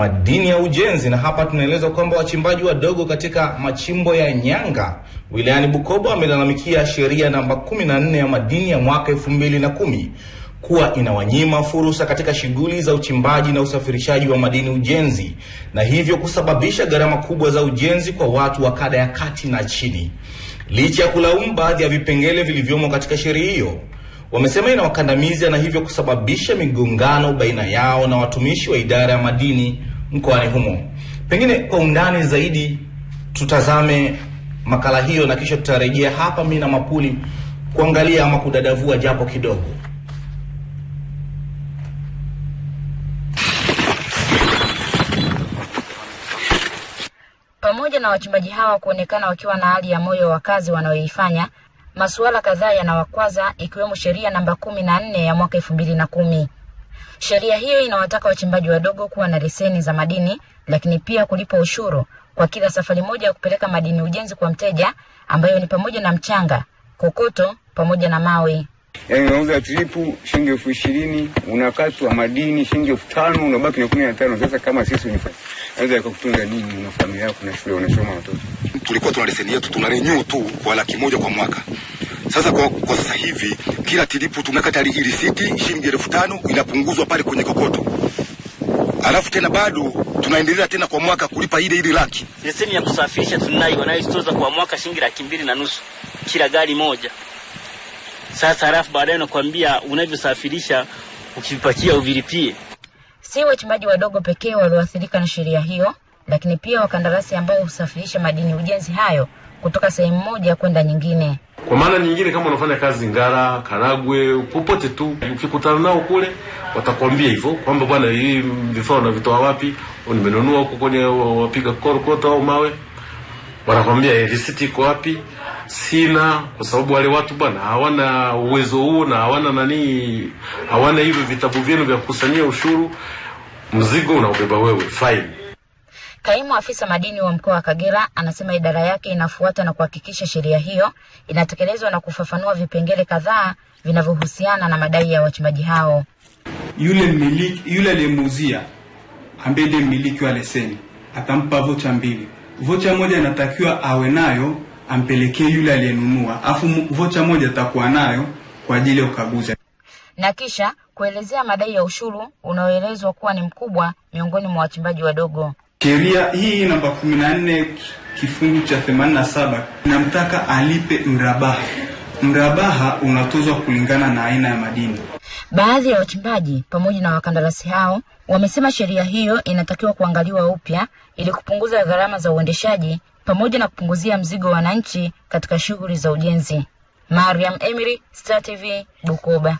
madini ya ujenzi, na hapa tunaelezwa kwamba wachimbaji wadogo katika machimbo ya Nyanga wilayani Bukoba wamelalamikia sheria namba 14 ya madini ya mwaka 2010 kuwa inawanyima fursa katika shughuli za uchimbaji na usafirishaji wa madini ujenzi, na hivyo kusababisha gharama kubwa za ujenzi kwa watu wa kada ya kati na chini. Licha ya kulaumu baadhi ya vipengele vilivyomo katika sheria hiyo, wamesema inawakandamiza na hivyo kusababisha migongano baina yao na watumishi wa idara ya madini mkoani humo. Pengine kwa undani zaidi tutazame makala hiyo na kisha tutarejea hapa mimi na Mapuli kuangalia ama kudadavua japo kidogo. Pamoja na wachimbaji hawa kuonekana wakiwa na hali ya moyo wa kazi wanaoifanya masuala kadhaa yanawakwaza ikiwemo sheria namba kumi na nne ya mwaka elfu mbili na kumi Sheria hiyo inawataka wachimbaji wadogo kuwa na leseni za madini, lakini pia kulipa ushuru kwa kila safari moja ya kupeleka madini ujenzi kwa mteja, ambayo ni pamoja na mchanga, kokoto pamoja na mawe. Yaani unauza tripu shilingi elfu ishirini unakatwa madini shilingi elfu tano unabaki na kumi na tano Sasa kama sisi unaweza kukutunza nini? na familia yako na shule unasoma watoto. Tulikuwa tuna leseni yetu tunarenew tu kwa laki moja kwa mwaka. Sasa kwa, kwa sasa hivi kila tilipu tumeweka tayari hii risiti shilingi elfu tano inapunguzwa pale kwenye kokoto, alafu tena bado tunaendelea tena kwa mwaka kulipa ile ile laki. Leseni ya kusafirisha tunayo wanayoitoza kwa mwaka shilingi laki mbili na nusu kila gari moja. Sasa alafu baadaye nakwambia unavyosafirisha ukivipakia uvilipie. Si wachimbaji wadogo pekee walioathirika na sheria hiyo, lakini pia wakandarasi ambao husafirisha madini ujenzi hayo kutoka sehemu moja kwenda nyingine. Kwa maana nyingine, kama unafanya kazi Ngara, Karagwe, popote tu, ukikutana nao kule watakwambia hivyo kwamba bwana, hii vifaa unavitoa wapi? Oh, nimenunua huko kwenye wapiga korokoto au mawe. Wanakwambia eh, risiti iko wapi? Sina, kwa sababu wale watu bwana hawana uwezo huo na hawana nani, hawana hivyo vitabu vyenu vya kukusanyia ushuru. Mzigo unaobeba wewe, fine. Kaimu afisa madini wa mkoa wa Kagera anasema idara yake inafuata na kuhakikisha sheria hiyo inatekelezwa na kufafanua vipengele kadhaa vinavyohusiana na madai ya wachimbaji hao. Yule mmiliki yule aliyemuuzia ambaye ndiye mmiliki wa leseni atampa vocha mbili. Vocha moja anatakiwa awe nayo ampelekee yule aliyenunua, afu vocha moja atakuwa nayo kwa ajili ya ukaguzi na kisha kuelezea madai ya ushuru unaoelezwa kuwa ni mkubwa miongoni mwa wachimbaji wadogo. Sheria hii namba 14 kifungu cha 87 inamtaka alipe mrabaha. Mrabaha unatozwa kulingana na aina ya madini. Baadhi ya wachimbaji pamoja na wakandarasi hao wamesema sheria hiyo inatakiwa kuangaliwa upya ili kupunguza gharama za uendeshaji pamoja na kupunguzia mzigo wa wananchi katika shughuli za ujenzi. Mariam Emery, Star TV, Bukoba.